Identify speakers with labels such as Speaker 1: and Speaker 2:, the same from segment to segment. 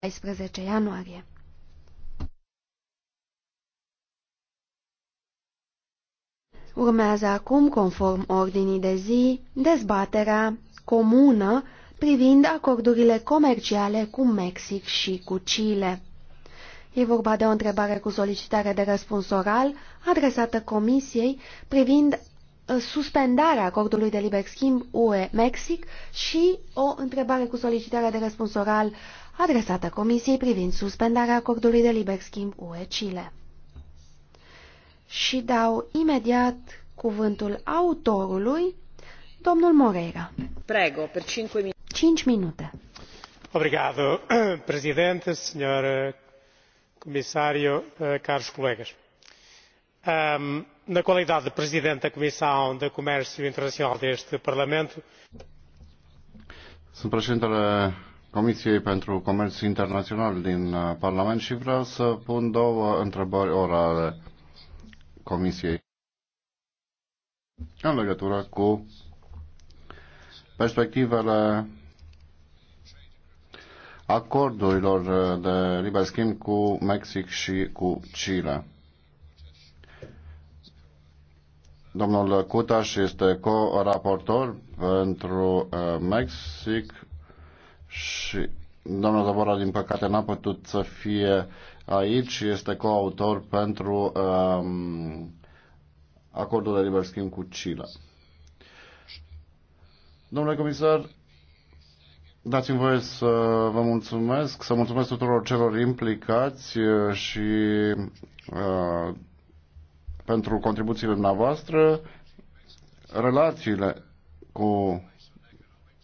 Speaker 1: 14 ianuarie. Urmează acum, conform ordinii de zi, dezbaterea comună privind acordurile comerciale cu Mexic și cu Chile. E vorba de o întrebare cu solicitare de răspuns oral adresată Comisiei privind ă, suspendarea acordului de liber schimb UE-Mexic și o întrebare cu solicitare de răspuns oral adresată Comisiei privind suspendarea acordului de liber schimb UE-Chile. Și dau imediat cuvântul autorului, domnul Moreira.
Speaker 2: Prego, per 5 minute. 5 minute.
Speaker 3: Obrigado, presidente, senhor eh, comissário, eh, caros colegas. Um, na qualidade de presidente da Comissão de Comércio Internacional deste Parlamento,
Speaker 4: sunt președintele Comisiei pentru Comerț Internațional din uh, Parlament și vreau să pun două întrebări orale Comisiei în legătură cu perspectivele acordurilor uh, de liber schimb cu Mexic și cu Chile. Domnul Cutaș este co-raportor pentru uh, Mexic și domnul Zavora, din păcate, n-a putut să fie aici. Este coautor pentru um, acordul de liber schimb cu Chile. Domnule comisar, dați-mi voie să vă mulțumesc, să mulțumesc tuturor celor implicați uh, și uh, pentru contribuțiile dumneavoastră. Relațiile cu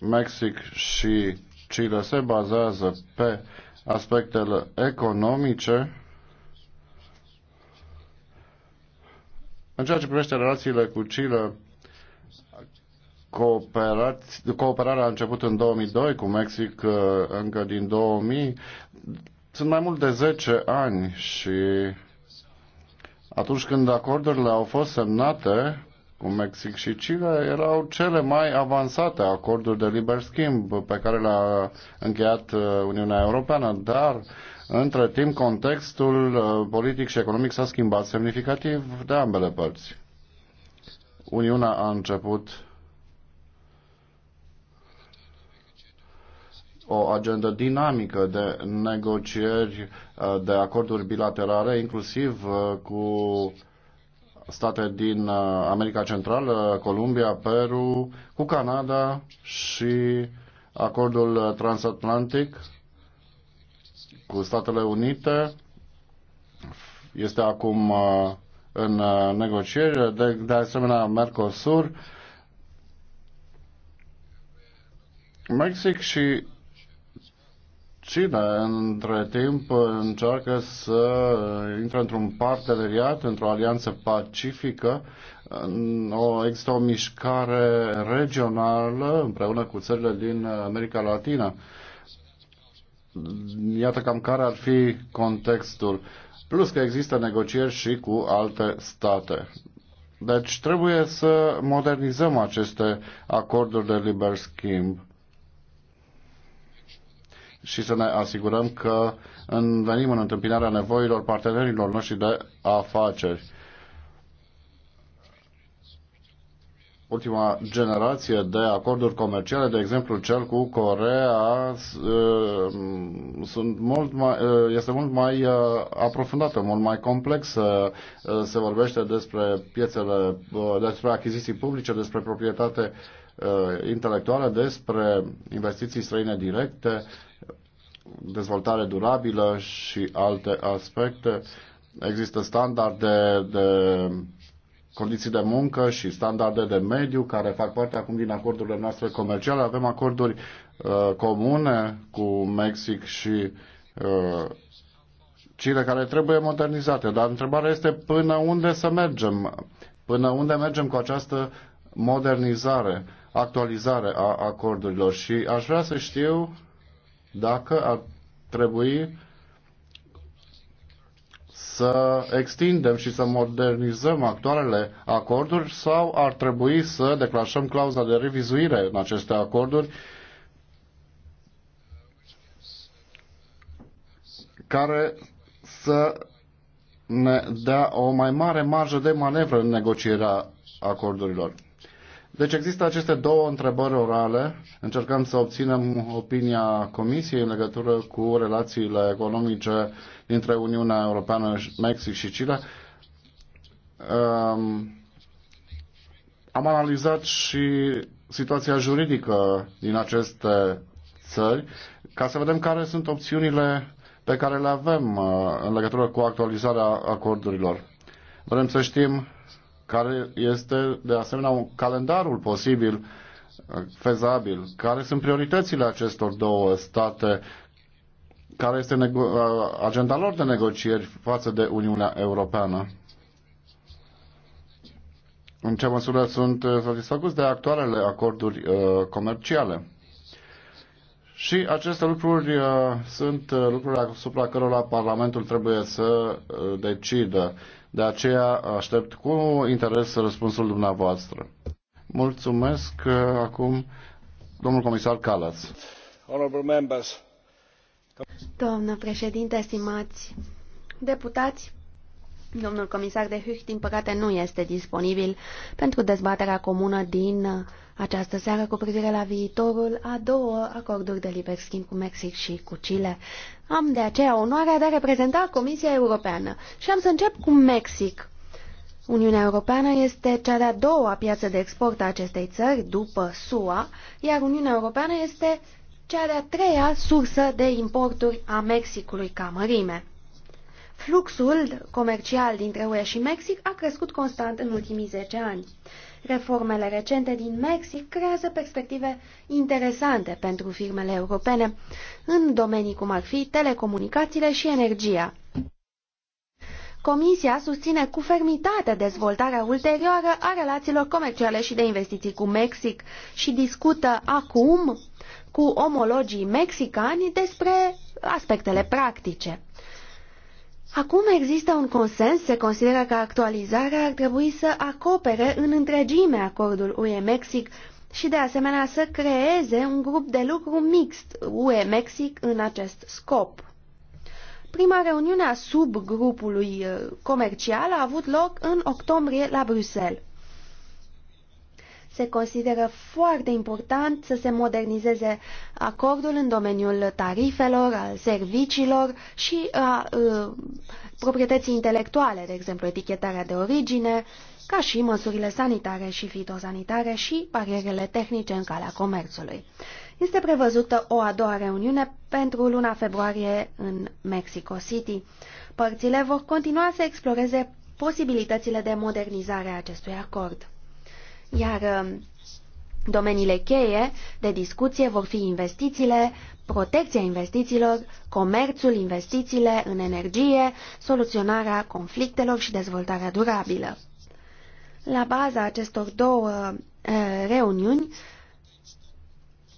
Speaker 4: Mexic și Chile se bazează pe aspectele economice. În ceea ce privește relațiile cu Chile, cooperarea a început în 2002 cu Mexic uh, încă din 2000. Sunt mai mult de 10 ani și atunci când acordurile au fost semnate, cu Mexic și Chile erau cele mai avansate acorduri de liber schimb pe care le-a încheiat uh, Uniunea Europeană, dar între timp contextul uh, politic și economic s-a schimbat semnificativ de ambele părți. Uniunea a început o agendă dinamică de negocieri, uh, de acorduri bilaterale, inclusiv cu state din uh, America Centrală, Columbia, Peru, cu Canada și acordul transatlantic cu Statele Unite este acum uh, în uh, negocieri. de, de asemenea Mercosur, Mexic și China, între timp încearcă să intre într-un parteneriat, într-o alianță pacifică, există o mișcare regională împreună cu țările din America Latina. Iată cam care ar fi contextul. Plus că există negocieri și cu alte state. Deci trebuie să modernizăm aceste acorduri de liber schimb și să ne asigurăm că venim în întâmpinarea nevoilor partenerilor noștri de afaceri. Ultima generație de acorduri comerciale, de exemplu cel cu Corea, uh, sunt mult mai, uh, este mult mai uh, aprofundată, mult mai complexă. Se vorbește despre piețele, despre achiziții publice, despre proprietate intelectuală, despre investiții străine directe, dezvoltare durabilă și alte aspecte. Există standarde de condiții de muncă și standarde de mediu care fac parte acum din acordurile noastre comerciale. Avem acorduri uh, comune cu Mexic și uh, Chile care trebuie modernizate. Dar întrebarea este până unde să mergem? Până unde mergem cu această modernizare, actualizare a acordurilor? Și aș vrea să știu dacă ar trebui să extindem și să modernizăm actualele acorduri sau ar trebui să declanșăm clauza de revizuire în aceste acorduri care să ne dea o mai mare marjă de manevră în negocierea acordurilor. Deci există aceste două întrebări orale. Încercăm să obținem opinia Comisiei în legătură cu relațiile economice dintre Uniunea Europeană, Mexic și Chile. Um, am analizat și situația juridică din aceste țări ca să vedem care sunt opțiunile pe care le avem uh, în legătură cu actualizarea acordurilor. Vrem să știm care este de asemenea un calendarul posibil fezabil, care sunt prioritățile acestor două state, care este agenda lor de negocieri față de Uniunea Europeană. În ce măsură sunt satisfăcuți de actualele acorduri uh, comerciale? Și aceste lucruri uh, sunt lucruri asupra cărora Parlamentul trebuie să uh, decidă. Uh, de aceea aștept cu interes răspunsul dumneavoastră. Mulțumesc acum domnul comisar Calas.
Speaker 3: Doamnă
Speaker 1: președinte, stimați deputați, domnul comisar de Hucht, din păcate, nu este disponibil pentru dezbaterea comună din această seară cu privire la viitorul a două acorduri de liber schimb cu Mexic și cu Chile. Am de aceea onoarea de a reprezenta Comisia Europeană și am să încep cu Mexic. Uniunea Europeană este cea de-a doua piață de export a acestei țări, după SUA, iar Uniunea Europeană este cea de-a treia sursă de importuri a Mexicului ca mărime. Fluxul comercial dintre UE și Mexic a crescut constant în ultimii 10 ani. Reformele recente din Mexic creează perspective interesante pentru firmele europene în domenii cum ar fi telecomunicațiile și energia. Comisia susține cu fermitate dezvoltarea ulterioară a relațiilor comerciale și de investiții cu Mexic și discută acum cu omologii mexicani despre aspectele practice. Acum există un consens, se consideră că actualizarea ar trebui să acopere în întregime acordul UE-Mexic și de asemenea să creeze un grup de lucru mixt UE-Mexic în acest scop. Prima reuniune a subgrupului eh, comercial a avut loc în octombrie la Bruxelles se consideră foarte important să se modernizeze acordul în domeniul tarifelor, al serviciilor și a uh, proprietății intelectuale, de exemplu etichetarea de origine, ca și măsurile sanitare și fitosanitare și barierele tehnice în calea comerțului. Este prevăzută o a doua reuniune pentru luna februarie în Mexico City. Părțile vor continua să exploreze posibilitățile de modernizare a acestui acord. Iar um, domeniile cheie de discuție vor fi investițiile, protecția investițiilor, comerțul, investițiile în energie, soluționarea conflictelor și dezvoltarea durabilă. La baza acestor două uh, reuniuni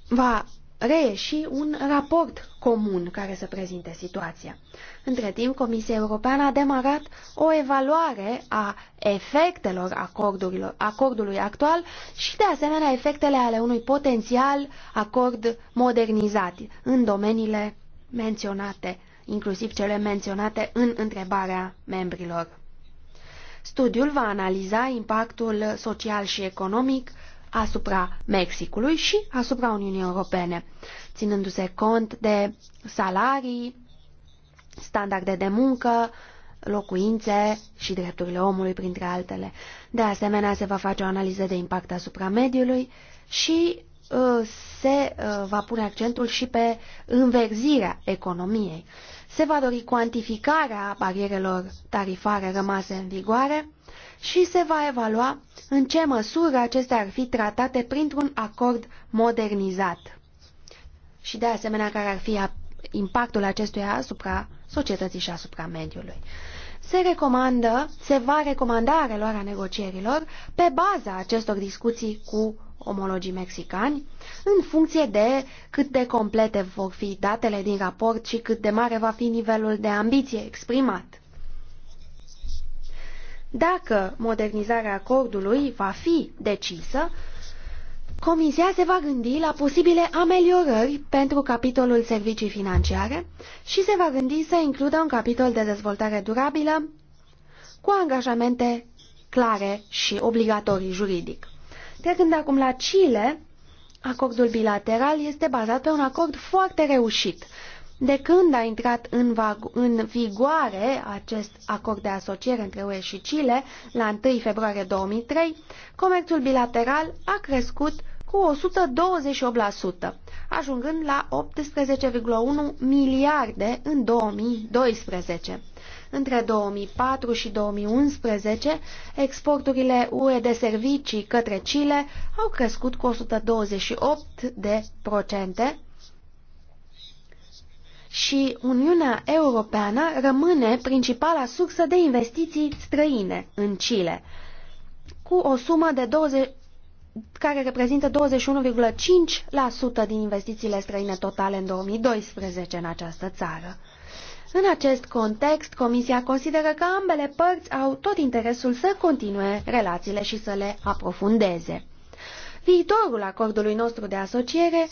Speaker 1: va reieși un raport comun care să prezinte situația. Între timp, Comisia Europeană a demarat o evaluare a efectelor acordurilor, acordului actual și, de asemenea, efectele ale unui potențial acord modernizat în domeniile menționate, inclusiv cele menționate în întrebarea membrilor. Studiul va analiza impactul social și economic asupra Mexicului și asupra Uniunii Europene, ținându-se cont de salarii, standarde de muncă, locuințe și drepturile omului, printre altele. De asemenea, se va face o analiză de impact asupra mediului și uh, se uh, va pune accentul și pe înverzirea economiei. Uh, se va dori cuantificarea barierelor tarifare rămase în vigoare și se va evalua în ce măsură acestea ar fi tratate printr-un acord modernizat și de asemenea care ar fi impactul acestuia asupra societății și asupra mediului. Se recomandă, se va recomanda reluarea negocierilor pe baza acestor discuții cu omologii mexicani, în funcție de cât de complete vor fi datele din raport și cât de mare va fi nivelul de ambiție exprimat. Dacă modernizarea acordului va fi decisă, Comisia se va gândi la posibile ameliorări pentru capitolul servicii financiare și se va gândi să includă un capitol de dezvoltare durabilă cu angajamente clare și obligatorii juridic. Trecând acum la Chile, acordul bilateral este bazat pe un acord foarte reușit. De când a intrat în, în vigoare acest acord de asociere între UE și Chile, la 1 februarie 2003, comerțul bilateral a crescut cu 128%, ajungând la 18,1 miliarde în 2012. Între 2004 și 2011, exporturile UE de servicii către Chile au crescut cu 128 de procente și Uniunea Europeană rămâne principala sursă de investiții străine în Chile, cu o sumă de 20, care reprezintă 21,5% din investițiile străine totale în 2012 în această țară. În acest context, Comisia consideră că ambele părți au tot interesul să continue relațiile și să le aprofundeze. Viitorul acordului nostru de asociere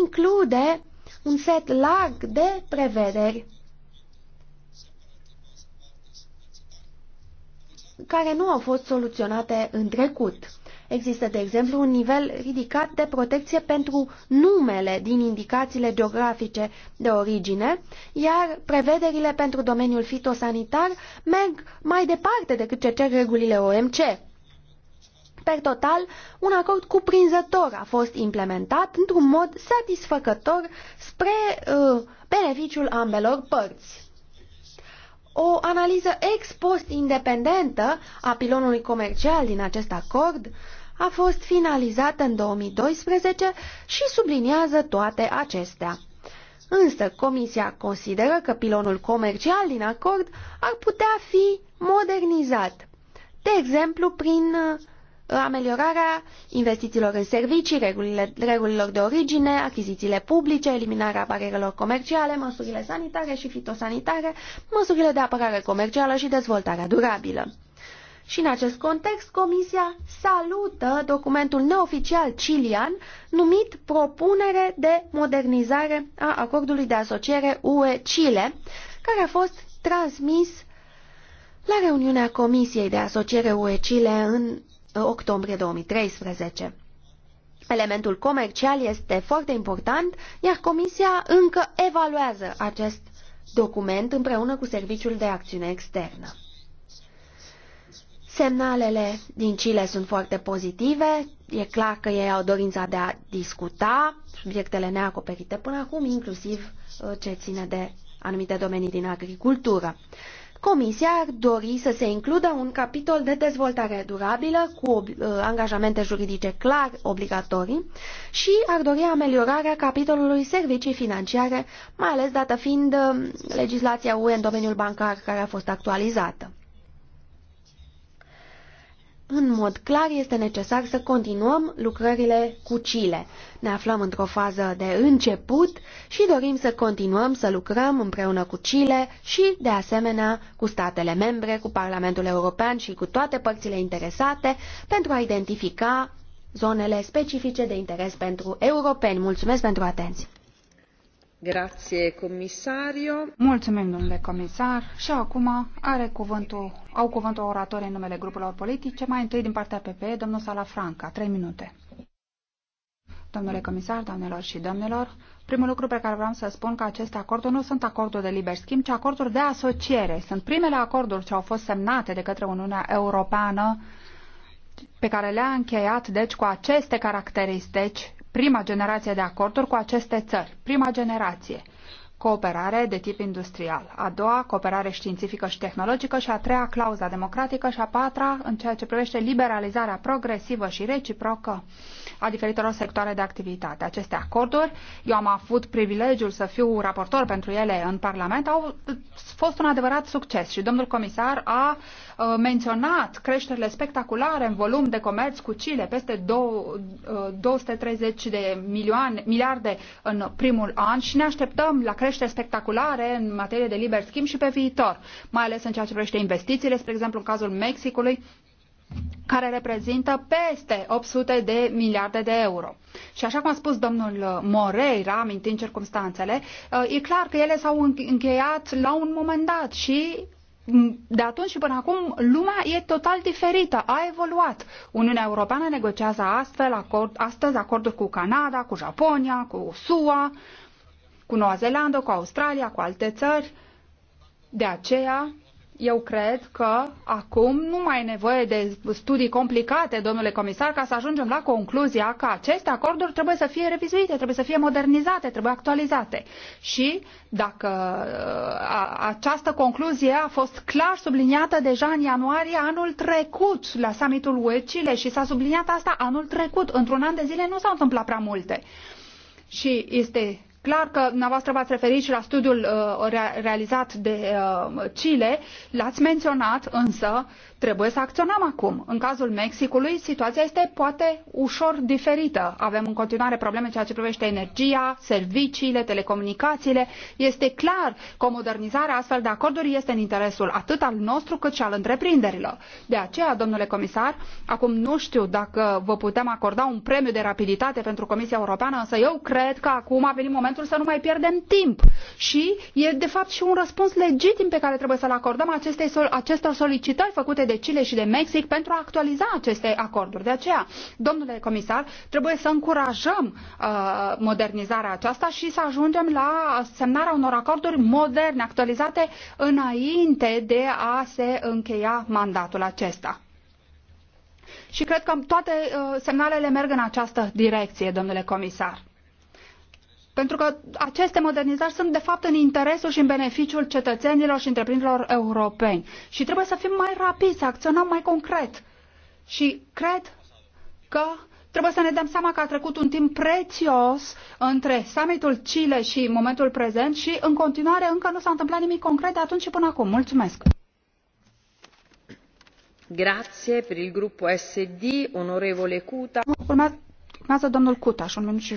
Speaker 1: include un set larg de prevederi care nu au fost soluționate în trecut. Există, de exemplu, un nivel ridicat de protecție pentru numele din indicațiile geografice de origine, iar prevederile pentru domeniul fitosanitar merg mai departe decât ce cer regulile OMC. Per total, un acord cuprinzător a fost implementat într-un mod satisfăcător spre uh, beneficiul ambelor părți o analiză ex post independentă a pilonului comercial din acest acord a fost finalizată în 2012 și subliniază toate acestea. Însă Comisia consideră că pilonul comercial din acord ar putea fi modernizat, de exemplu prin uh, ameliorarea investițiilor în servicii, regulile, regulilor de origine, achizițiile publice, eliminarea barierelor comerciale, măsurile sanitare și fitosanitare, măsurile de apărare comercială și dezvoltarea durabilă. Și în acest context, Comisia salută documentul neoficial cilian numit Propunere de modernizare a acordului de asociere UE-Chile, care a fost transmis la reuniunea Comisiei de asociere UE-Chile în uh, octombrie 2013. Elementul comercial este foarte important, iar Comisia încă evaluează acest document împreună cu Serviciul de Acțiune Externă. Semnalele din Chile sunt foarte pozitive, e clar că ei au dorința de a discuta subiectele neacoperite până acum, inclusiv uh, ce ține de anumite domenii din agricultură. Comisia ar dori să se includă un capitol de dezvoltare durabilă cu uh, angajamente juridice clar obligatorii și ar dori ameliorarea capitolului servicii financiare, mai ales dată fiind uh, legislația UE în domeniul bancar care a fost actualizată. În mod clar, este necesar să continuăm lucrările cu Chile. Ne aflăm într-o fază de început și dorim să continuăm să lucrăm împreună cu Chile și, de asemenea, cu statele membre, cu Parlamentul European și cu toate părțile interesate pentru a identifica zonele specifice de interes pentru europeni. Mulțumesc pentru atenție! Mulțumim,
Speaker 5: domnule comisar. Și acum are cuvântul, au cuvântul oratorii în numele grupurilor politice. Mai întâi din partea PPE, domnul Salafranca, trei minute. Domnule comisar, doamnelor și domnilor, primul lucru pe care vreau să spun că aceste acorduri nu sunt acorduri de liber schimb, ci acorduri de asociere. Sunt primele acorduri ce au fost semnate de către Uniunea Europeană pe care le-a încheiat, deci, cu aceste caracteristici prima generație de acorduri cu aceste țări. Prima generație. Cooperare de tip industrial. A doua, cooperare științifică și tehnologică. Și a treia, clauza democratică. Și a patra, în ceea ce privește liberalizarea progresivă și reciprocă a diferitelor sectoare de activitate. Aceste acorduri, eu am avut privilegiul să fiu raportor pentru ele în Parlament, au fost un adevărat succes și domnul comisar a uh, menționat creșterile spectaculare în volum de comerț cu Chile, peste 230 uh, de milioane, miliarde în primul an și ne așteptăm la creșteri spectaculare în materie de liber schimb și pe viitor, mai ales în ceea ce privește investițiile, spre exemplu în cazul Mexicului, care reprezintă peste 800 de miliarde de euro. Și așa cum a spus domnul Moreira, amintind circunstanțele, uh, e clar că ele s-au încheiat la un moment dat și mm, de atunci și până acum lumea e total diferită, a evoluat. Uniunea Europeană negociază astfel acord, astăzi acorduri cu Canada, cu Japonia, cu SUA, cu Noua Zeelandă, cu Australia, cu alte țări. De aceea, eu cred că acum nu mai e nevoie de studii complicate, domnule comisar, ca să ajungem la concluzia că aceste acorduri trebuie să fie revizuite, trebuie să fie modernizate, trebuie actualizate. Și dacă uh, această concluzie a fost clar subliniată deja în ianuarie anul trecut la summitul UE Chile și s-a subliniat asta anul trecut, într-un an de zile nu s-au întâmplat prea multe. Și este clar că dumneavoastră v-ați referit și la studiul uh, realizat de uh, Chile, l-ați menționat, însă trebuie să acționăm acum. În cazul Mexicului, situația este poate ușor diferită. Avem în continuare probleme ceea ce privește energia, serviciile, telecomunicațiile. Este clar că o modernizare astfel de acorduri este în interesul atât al nostru cât și al întreprinderilor. De aceea, domnule comisar, acum nu știu dacă vă putem acorda un premiu de rapiditate pentru Comisia Europeană, însă eu cred că acum a venit momentul Parlamentul să nu mai pierdem timp. Și e de fapt și un răspuns legitim pe care trebuie să-l acordăm acestei, acestor solicitări făcute de Chile și de Mexic pentru a actualiza aceste acorduri. De aceea, domnule comisar, trebuie să încurajăm uh, modernizarea aceasta și să ajungem la semnarea unor acorduri moderne, actualizate înainte de a se încheia mandatul acesta. Și cred că toate uh, semnalele merg în această direcție, domnule comisar. Pentru că aceste modernizări sunt, de fapt, în interesul și în beneficiul cetățenilor și întreprinderilor europeni. Și trebuie să fim mai rapizi, să acționăm mai concret. Și cred că trebuie să ne dăm seama că a trecut un timp prețios între summitul Chile și momentul prezent și, în continuare, încă nu s-a întâmplat nimic concret de atunci și până acum. Mulțumesc!
Speaker 2: Grazie per
Speaker 5: il gruppo SD, onorevole Cuta. Urmează domnul Cutaș, un minut și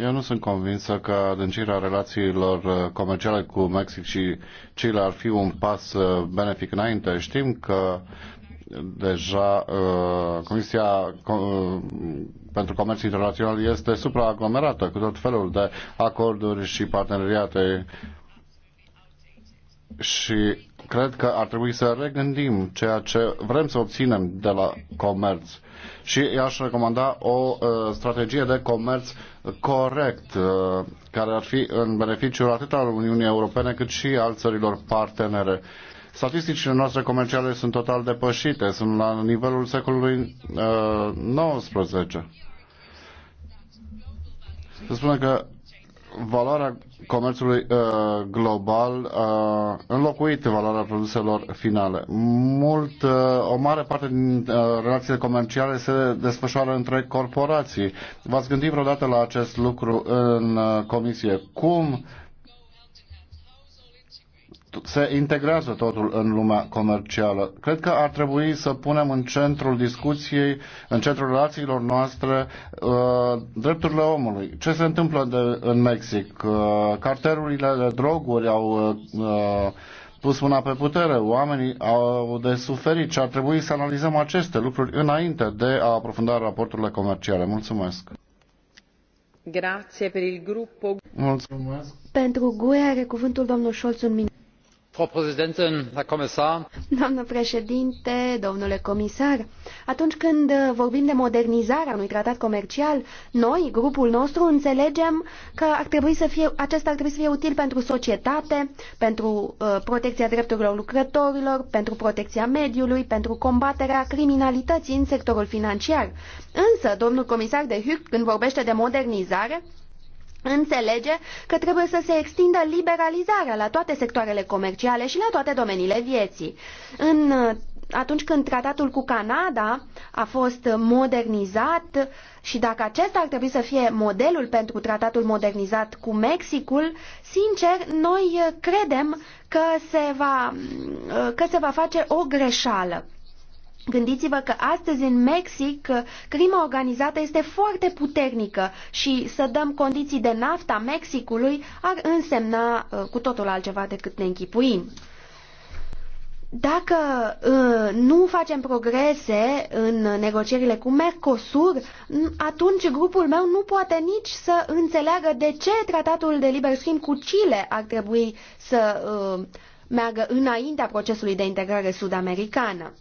Speaker 4: eu nu sunt convinsă că adâncirea relațiilor uh, comerciale cu Mexic și Chile ar fi un pas uh, benefic înainte. Știm că deja uh, Comisia pentru Comerț Internațional este supraaglomerată cu tot felul de acorduri și parteneriate și cred că ar trebui să regândim ceea ce vrem să obținem de la comerț și i-aș recomanda o uh, strategie de comerț corect, uh, care ar fi în beneficiul atât al Uniunii Europene cât și al țărilor partenere. Statisticile noastre comerciale sunt total depășite, sunt la nivelul secolului uh, Se spune că valoarea comerțului uh, global uh, înlocuit valoarea produselor finale. Mult, uh, o mare parte din uh, relațiile comerciale se desfășoară între corporații. V-ați gândit vreodată la acest lucru în uh, comisie? Cum se integrează totul în lumea comercială. Cred că ar trebui să punem în centrul discuției, în centrul relațiilor noastre, uh, drepturile omului. Ce se întâmplă de, în Mexic? Uh, carterurile de droguri au uh, uh, pus mâna pe putere, oamenii au de suferit și ar trebui să analizăm aceste lucruri înainte de a aprofunda raporturile comerciale. Mulțumesc!
Speaker 2: Grazie
Speaker 1: per il gruppo.
Speaker 4: Mulțumesc.
Speaker 1: Pentru GUE are cuvântul domnul Scholz un minut. Doamnă președinte, domnule comisar, atunci când vorbim de modernizarea unui tratat comercial, noi, grupul nostru, înțelegem că ar trebui să fie, acesta ar trebui să fie util pentru societate, pentru uh, protecția drepturilor lucrătorilor, pentru protecția mediului, pentru combaterea criminalității în sectorul financiar. Însă, domnul comisar de Hucht, când vorbește de modernizare, înțelege că trebuie să se extindă liberalizarea la toate sectoarele comerciale și la toate domeniile vieții. În, atunci când tratatul cu Canada a fost modernizat și dacă acesta ar trebui să fie modelul pentru tratatul modernizat cu Mexicul, sincer, noi credem că se va, că se va face o greșeală. Gândiți-vă că astăzi în Mexic uh, crima organizată este foarte puternică și să dăm condiții de nafta Mexicului ar însemna uh, cu totul altceva decât ne închipuim. Dacă uh, nu facem progrese în negocierile cu Mercosur, atunci grupul meu nu poate nici să înțeleagă de ce tratatul de liber schimb cu Chile ar trebui să meargă înaintea procesului de integrare sud-americană.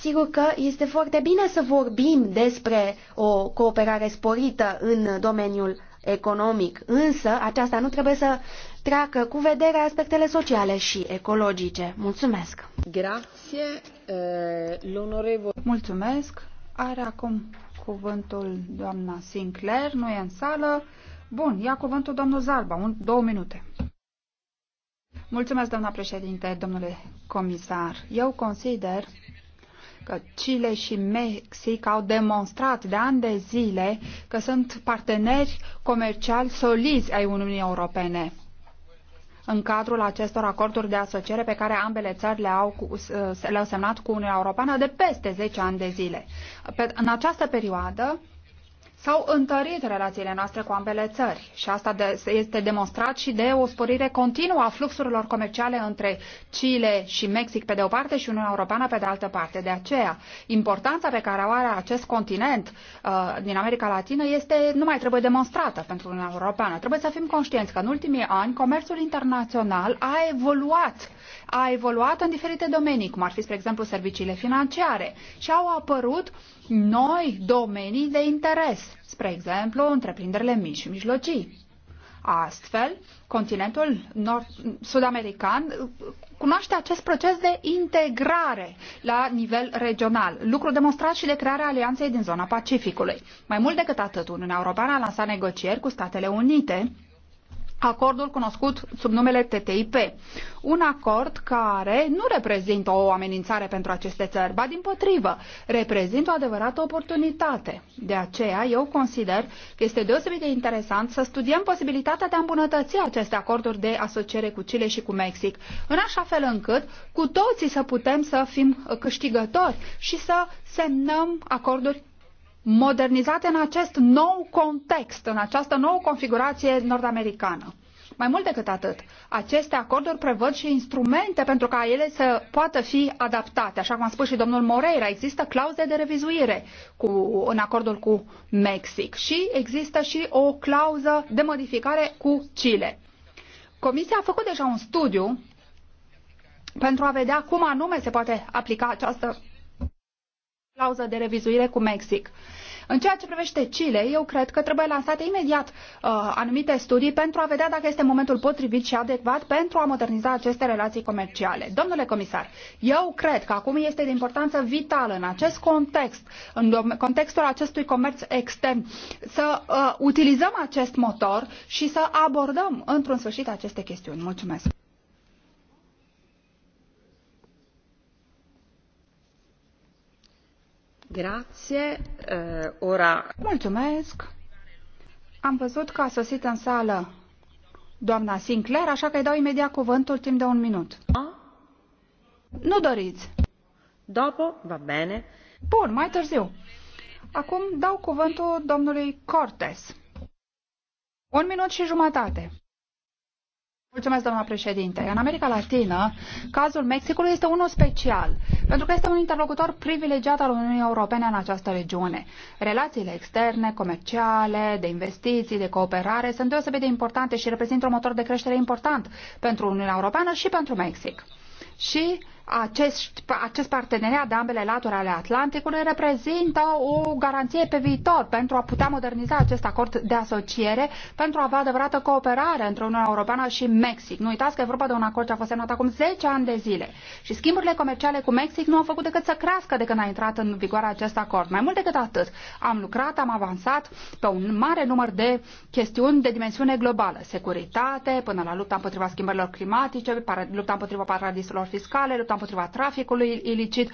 Speaker 1: Sigur că este foarte bine să vorbim despre o cooperare sporită în domeniul economic, însă aceasta nu trebuie să treacă cu vedere aspectele sociale și ecologice. Mulțumesc!
Speaker 5: Grație,
Speaker 1: eh,
Speaker 5: Mulțumesc! Are acum cuvântul doamna Sinclair, nu e în sală. Bun, ia cuvântul domnul Zalba, un, două minute. Mulțumesc, doamna președinte, domnule comisar. Eu consider că Chile și Mexic au demonstrat de ani de zile că sunt parteneri comerciali solizi ai Uniunii Europene în cadrul acestor acorduri de asociere pe care ambele țări le-au, le semnat cu Uniunea Europeană de peste 10 ani de zile. Pe, în această perioadă, s-au întărit relațiile noastre cu ambele țări și asta de, este demonstrat și de o sporire continuă a fluxurilor comerciale între Chile și Mexic pe de o parte și Uniunea Europeană pe de altă parte. De aceea, importanța pe care o are acest continent uh, din America Latină este nu mai trebuie demonstrată pentru Uniunea Europeană. Trebuie să fim conștienți că în ultimii ani comerțul internațional a evoluat a evoluat în diferite domenii, cum ar fi, spre exemplu, serviciile financiare și au apărut noi domenii de interes, spre exemplu, întreprinderile mici și mijlocii. Astfel, continentul sud-american uh, cunoaște acest proces de integrare la nivel regional, lucru demonstrat și de crearea alianței din zona Pacificului. Mai mult decât atât, Uniunea Europeană a lansat negocieri cu Statele Unite acordul cunoscut sub numele TTIP. Un acord care nu reprezintă o amenințare pentru aceste țări, ba din potrivă, reprezintă o adevărată oportunitate. De aceea, eu consider că este deosebit de interesant să studiem posibilitatea de a îmbunătăți aceste acorduri de asociere cu Chile și cu Mexic, în așa fel încât cu toții să putem să fim câștigători și să semnăm acorduri modernizate în acest nou context, în această nouă configurație nord-americană. Mai mult decât atât, aceste acorduri prevăd și instrumente pentru ca ele să poată fi adaptate. Așa cum a spus și domnul Moreira, există clauze de revizuire cu, în acordul cu Mexic și există și o clauză de modificare cu Chile. Comisia a făcut deja un studiu pentru a vedea cum anume se poate aplica această clauză de revizuire cu Mexic. În ceea ce privește Chile, eu cred că trebuie lansate imediat uh, anumite studii pentru a vedea dacă este momentul potrivit și adecvat pentru a moderniza aceste relații comerciale. Domnule comisar, eu cred că acum este de importanță vitală în acest context, în contextul acestui comerț extern, să uh, utilizăm acest motor și să abordăm într-un sfârșit aceste chestiuni. Mulțumesc! Eh, Mulțumesc. Am văzut că a sosit în sală doamna Sinclair, așa că îi dau imediat cuvântul timp de un minut. Ah. Nu doriți. După, va bene. Bun, mai târziu. Acum dau cuvântul domnului Cortes. Un minut și jumătate. Mulțumesc, doamna președinte. În America Latină, cazul Mexicului este unul special, pentru că este un interlocutor privilegiat al Uniunii Europene în această regiune. Relațiile externe, comerciale, de investiții, de cooperare sunt deosebit de importante și reprezintă un motor de creștere important pentru Uniunea Europeană și pentru Mexic. Și acest, acest parteneriat de ambele laturi ale Atlanticului reprezintă o garanție pe viitor pentru a putea moderniza acest acord de asociere, pentru a avea adevărată cooperare între Uniunea Europeană și Mexic. Nu uitați că e vorba de un acord ce a fost semnat acum 10 ani de zile și schimburile comerciale cu Mexic nu au făcut decât să crească de când a intrat în vigoare acest acord. Mai mult decât atât, am lucrat, am avansat pe un mare număr de chestiuni de dimensiune globală. Securitate, până la lupta împotriva schimbărilor climatice, lupta împotriva paradisurilor fiscale, lupta împotriva traficului ilicit,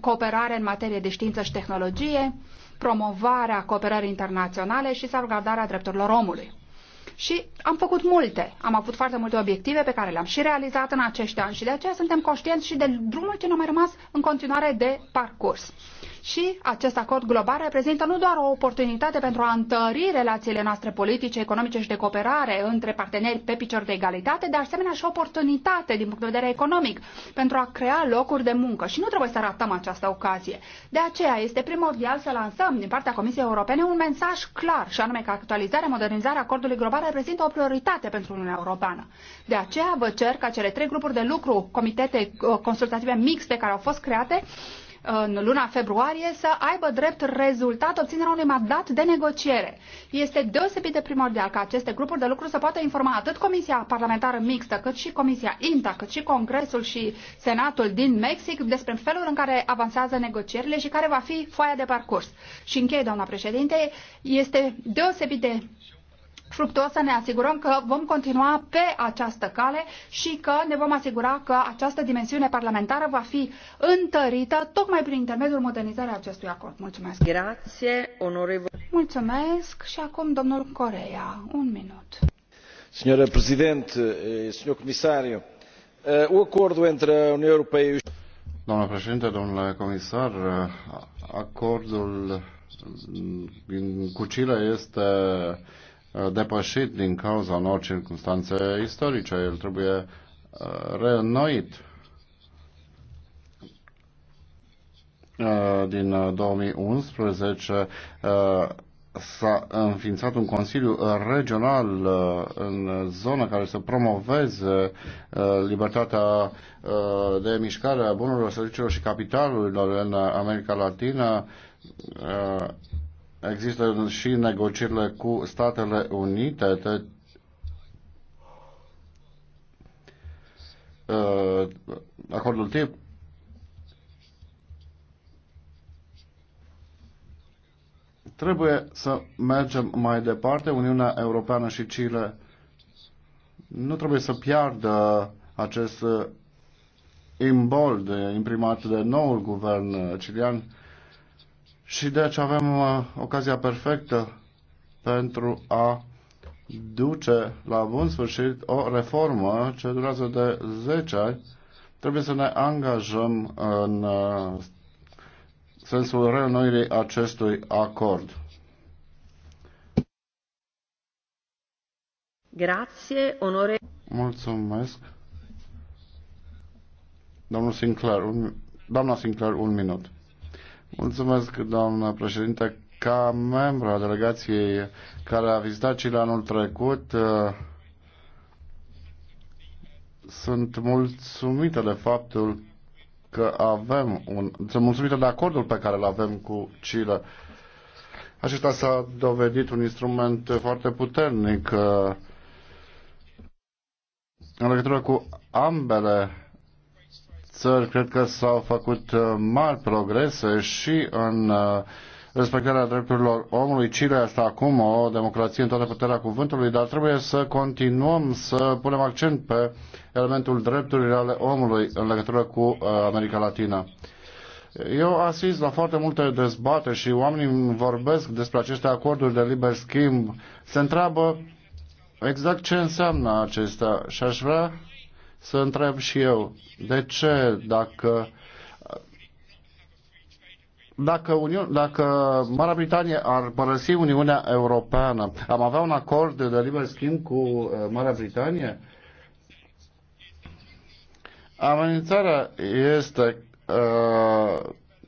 Speaker 5: cooperare în materie de știință și tehnologie, promovarea cooperării internaționale și salvgardarea drepturilor omului. Și am făcut multe. Am avut foarte multe obiective pe care le-am și realizat în acești ani și de aceea suntem conștienți și de drumul ce ne-a mai rămas în continuare de parcurs. Și acest acord global reprezintă nu doar o oportunitate pentru a întări relațiile noastre politice, economice și de cooperare între parteneri pe picior de egalitate, de asemenea și o oportunitate din punct de vedere economic pentru a crea locuri de muncă. Și nu trebuie să ratăm această ocazie. De aceea este primordial să lansăm din partea Comisiei Europene un mesaj clar, și anume că actualizarea, modernizarea acordului global reprezintă o prioritate pentru Uniunea Europeană. De aceea vă cer ca cele trei grupuri de lucru, comitete uh, consultative mixte care au fost create, în luna februarie să aibă drept rezultat obținerea unui mandat de negociere. Este deosebit de primordial ca aceste grupuri de lucru să poată informa atât Comisia Parlamentară Mixtă, cât și Comisia INTA, cât și Congresul și Senatul din Mexic despre felul în care avansează negocierile și care va fi foaia de parcurs. Și închei, doamna președinte, este deosebit de fructuos să ne asigurăm că vom continua pe această cale și că ne vom asigura că această dimensiune parlamentară va fi întărită tocmai prin intermediul modernizării acestui acord. Mulțumesc. Grație, onorevole. Mulțumesc și acum domnul Corea. Un minut.
Speaker 4: Signora Presidente, eh, signor Comisario, eh, o acordul între Uniunea Europeană și... Doamna președinte, domnule comisar, eh, acordul mm, cu Chile este Uh, depășit din cauza unor circunstanțe istorice. El trebuie uh, reînnoit uh, din 2011 s-a înființat un consiliu regional în zonă care să promoveze libertatea de mișcare a bunurilor, serviciilor și capitalurilor în America Latină există și negocierile cu Statele Unite de, uh, acordul tip Trebuie să mergem mai departe. Uniunea Europeană și Chile nu trebuie să piardă acest uh, imbold imprimat de noul guvern cilian și deci avem uh, ocazia perfectă pentru a duce la bun sfârșit o reformă ce durează de 10 ani. Trebuie să ne angajăm în uh, sensul reînnoirii acestui acord.
Speaker 2: Grazie, onore.
Speaker 4: Mulțumesc. Domnul Sinclair, un, doamna Sinclair, un minut. Mulțumesc, doamnă președinte. Ca membru a delegației care a vizitat Chile anul trecut, uh, sunt mulțumită de faptul că avem un... Sunt mulțumită de acordul pe care îl avem cu Chile. Acesta s-a dovedit un instrument foarte puternic uh, în legătură cu ambele țări cred că s-au făcut uh, mari progrese și în uh, respectarea drepturilor omului. Chile este acum o democrație în toată puterea cuvântului, dar trebuie să continuăm să punem accent pe elementul drepturilor ale omului în legătură cu uh, America Latina. Eu asist la foarte multe dezbate și oamenii vorbesc despre aceste acorduri de liber schimb. Se întreabă exact ce înseamnă acestea și aș vrea să întreb și eu de ce dacă dacă, Uniun, dacă Marea Britanie ar părăsi Uniunea Europeană, am avea un acord de liber schimb cu uh, Marea Britanie? Amenințarea este uh,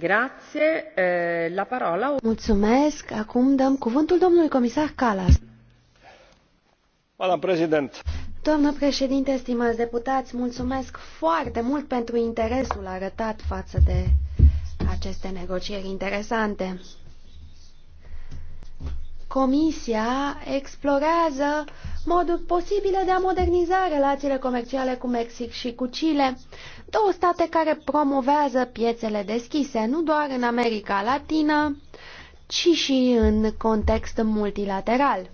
Speaker 1: Grazie, eh, la parola. Mulțumesc. Acum dăm cuvântul domnului comisar Calas. Doamnă președinte, stimați deputați, mulțumesc foarte mult pentru interesul arătat față de aceste negocieri interesante. Comisia explorează modul posibil de a moderniza relațiile comerciale cu Mexic și cu Chile, două state care promovează piețele deschise nu doar în America Latină, ci și în context multilateral.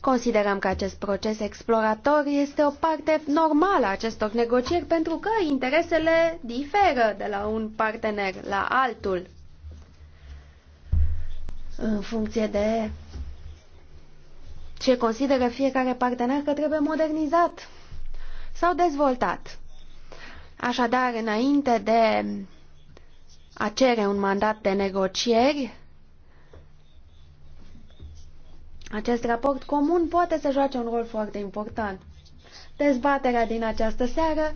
Speaker 1: Considerăm că acest proces explorator este o parte normală a acestor negocieri pentru că interesele diferă de la un partener la altul în funcție de ce consideră fiecare partener că trebuie modernizat sau dezvoltat. Așadar, înainte de a cere un mandat de negocieri, acest raport comun poate să joace un rol foarte important. Dezbaterea din această seară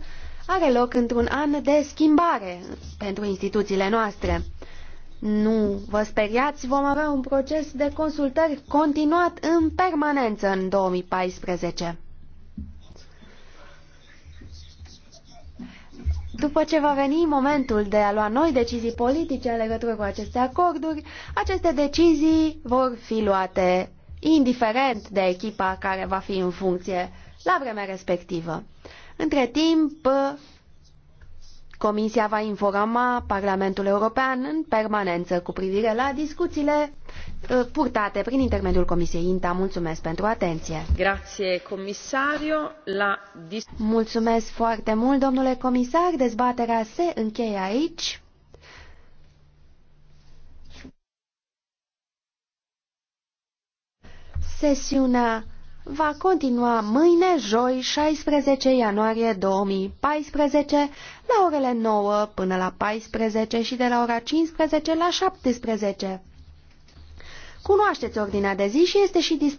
Speaker 1: are loc într-un an de schimbare pentru instituțiile noastre. Nu vă speriați, vom avea un proces de consultări continuat în permanență în 2014. După ce va veni momentul de a lua noi decizii politice în legătură cu aceste acorduri, aceste decizii vor fi luate indiferent de echipa care va fi în funcție la vremea respectivă. Între timp, Comisia va informa Parlamentul European în permanență cu privire la discuțiile uh, purtate prin intermediul Comisiei INTA. Mulțumesc pentru atenție.
Speaker 2: comisario. La...
Speaker 1: Mulțumesc foarte mult, domnule comisar. Dezbaterea se încheie aici. Sesiunea va continua mâine, joi, 16 ianuarie 2014, la orele 9 până la 14 și de la ora 15 la 17. Cunoașteți ordinea de zi și este și disponibilă.